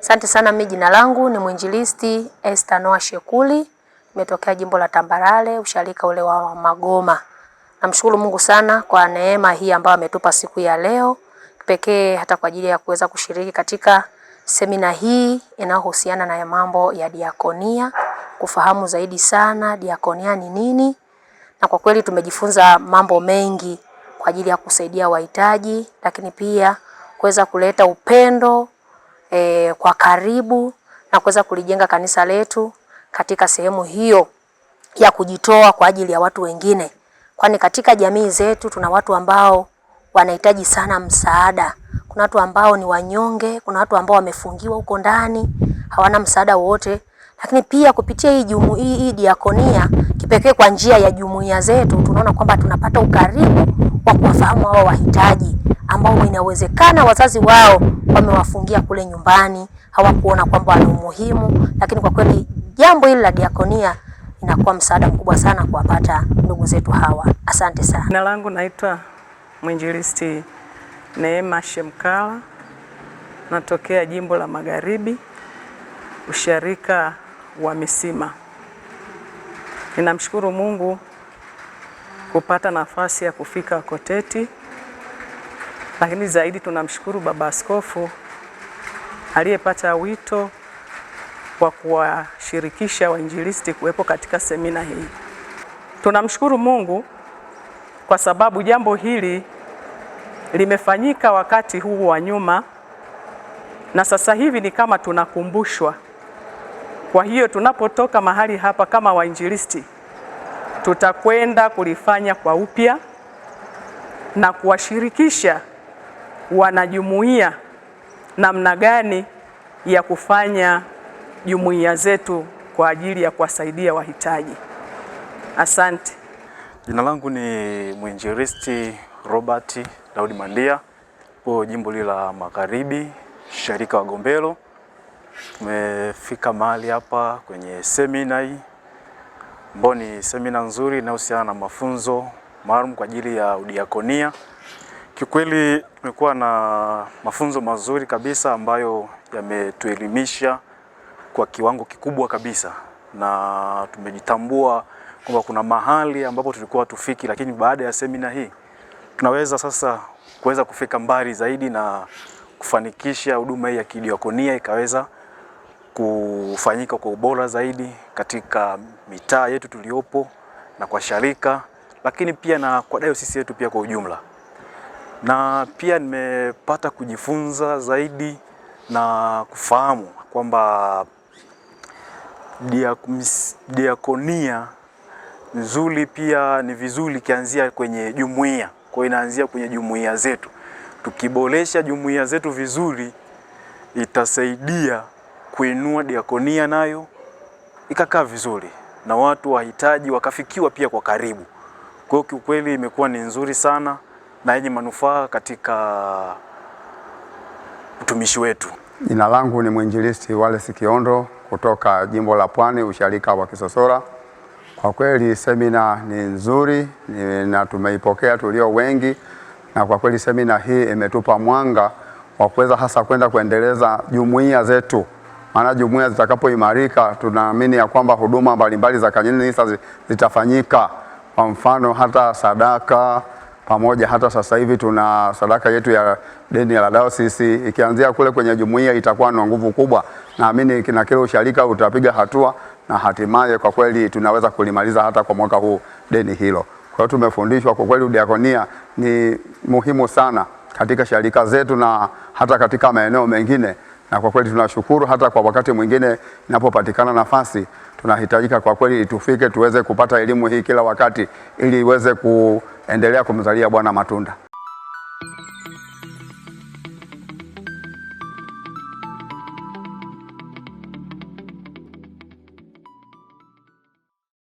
Asante sana. Mimi jina langu ni mwinjilisti Esther Noa Shekuli, nimetokea jimbo la tambarale usharika ule wa Magoma. Namshukuru Mungu sana kwa neema hii ambayo ametupa siku ya leo pekee, hata kwa ajili ya kuweza kushiriki katika semina hii inayohusiana na mambo ya diakonia, kufahamu zaidi sana diakonia ni nini, na kwa kweli tumejifunza mambo mengi kwa ajili ya kusaidia wahitaji, lakini pia kuweza kuleta upendo e, kwa karibu na kuweza kulijenga kanisa letu katika sehemu hiyo ya kujitoa kwa ajili ya watu wengine, kwani katika jamii zetu tuna watu ambao wanahitaji sana msaada. Kuna watu ambao ni wanyonge, kuna watu ambao wamefungiwa huko ndani hawana msaada wowote lakini pia kupitia hii jumu, hii, hii diakonia kipekee kwa njia ya jumuiya zetu tunaona kwamba tunapata ukaribu wa kuwafahamu hao wahitaji ambao inawezekana wazazi wao wamewafungia kule nyumbani, hawakuona kwamba wana umuhimu, lakini kwa kweli jambo hili la diakonia inakuwa msaada mkubwa sana kuwapata ndugu zetu hawa. Asante sana. Jina langu naitwa mwinjilisti Neema Shemkala, natokea jimbo la Magharibi, usharika Misima. Ninamshukuru Mungu kupata nafasi ya kufika Koteti, lakini zaidi tunamshukuru Baba Askofu aliyepata wito wa kuwashirikisha wainjilisti kuwepo katika semina hii. Tunamshukuru Mungu kwa sababu jambo hili limefanyika wakati huu wa nyuma na sasa hivi ni kama tunakumbushwa kwa hiyo tunapotoka mahali hapa kama wainjilisti, tutakwenda kulifanya kwa upya na kuwashirikisha wanajumuiya namna gani ya kufanya jumuiya zetu kwa ajili ya kuwasaidia wahitaji. Asante. Jina langu ni mwinjilisti Robert Daudi Mandia, po jimbo lile la Magharibi, sharika wa Gombero. Tumefika mahali hapa kwenye semina hii ambayo ni semina nzuri inayohusiana na mafunzo maalum kwa ajili ya udiakonia. Kiukweli tumekuwa na mafunzo mazuri kabisa ambayo yametuelimisha kwa kiwango kikubwa kabisa, na tumejitambua kwamba kuna mahali ambapo tulikuwa tufiki, lakini baada ya semina hii tunaweza sasa kuweza kufika mbali zaidi na kufanikisha huduma hii ya kidiakonia ikaweza kufanyika kwa ubora zaidi katika mitaa yetu tuliopo na kwa sharika, lakini pia na kwa dayosisi yetu pia kwa ujumla. Na pia nimepata kujifunza zaidi na kufahamu kwamba diakonia nzuri pia ni vizuri ikianzia kwenye jumuiya. Kwa inaanzia kwenye jumuiya zetu, tukiboresha jumuiya zetu vizuri itasaidia kuinua diakonia nayo ikakaa vizuri na watu wahitaji wakafikiwa pia kwa karibu. Kwa hiyo kiukweli imekuwa ni nzuri sana na yenye manufaa katika utumishi wetu. Jina langu ni mwinjilisti Wallace Kiondo kutoka jimbo la Pwani, usharika wa Kisosora. Kwa kweli semina ni nzuri na tumeipokea tulio wengi, na kwa kweli semina hii imetupa mwanga wa kuweza hasa kwenda kuendeleza jumuiya zetu maana jumuiya zitakapoimarika, tunaamini ya kwamba huduma mbalimbali za kanisa zitafanyika, kwa mfano hata sadaka pamoja. Hata sasa hivi tuna sadaka yetu ya deni la dayosisi, ikianzia kule kwenye jumuiya itakuwa na nguvu kubwa. Naamini kina kile usharika utapiga hatua na hatimaye kwa kweli tunaweza kulimaliza hata kwa mwaka huu deni hilo. Kwa hiyo tumefundishwa kwa kweli udiakonia ni muhimu sana katika sharika zetu na hata katika maeneo mengine na kwa kweli tunashukuru hata kwa wakati mwingine inapopatikana nafasi tunahitajika kwa kweli itufike tuweze kupata elimu hii kila wakati ili iweze kuendelea kumzalia Bwana matunda.